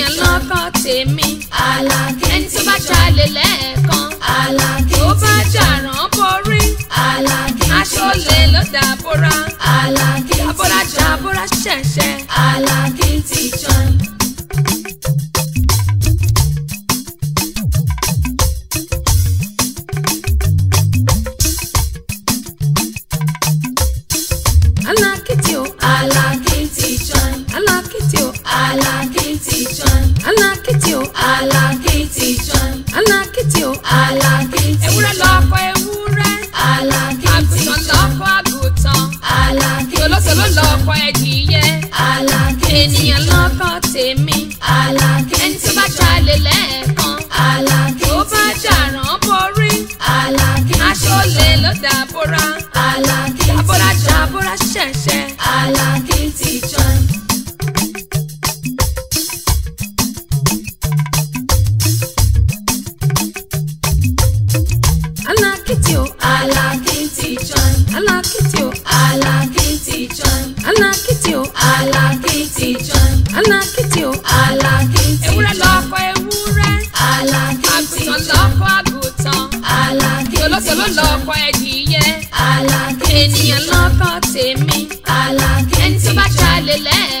èèyàn lọ́kọ̀ tèmi. Àlàkẹ́ ẹni tó bá jalè lẹ́ẹ̀kan. Alaki, tó bá jàrán borí. Àlàkẹ́ aṣọ́lé ló dàbóra. Àlàkẹ́ àbóra jàbóra ṣẹ̀ṣẹ̀. Àlàkẹ́ ti join. Alaki ti join. Alaki ti o. Alaki ti join. Ewúrẹ́ lọ́kọ ewúrẹ́. Alaki ti join. Àgùntàn lọ́kọ àgùntàn. Alaki ti join. Tòlótòló lọ́kọ ẹ̀dìyẹ. Alaki ti join. Ènìyàn lọ́kọ tèmi. Alaki ti join. Ẹni tó bá jalè lẹ́ẹ̀kan. Alaki ti join. Tó bá jàrán borí. Alaki join. Aṣọ olè ló dàbora. Alaki ti join. Jàbora jàbora ṣẹ̀ṣẹ̀. Alaki join. Alakiti join. Alakiti o. Alakiti join. Alakiti o. Alakiti join. Alakiti o. Alakiti join. Ewúrẹ́ lọ́kọ ewúrẹ́. Alakiti join. Àgùntàn lọ́kọ àgùntàn. Alakiti join. Tòlótòló lọ́kọ ẹdìyẹ. Alakiti join. Ènìyàn lọ́kọ tèmi. Alakiti join. Ẹni tó bá jalè lẹ́ẹ̀.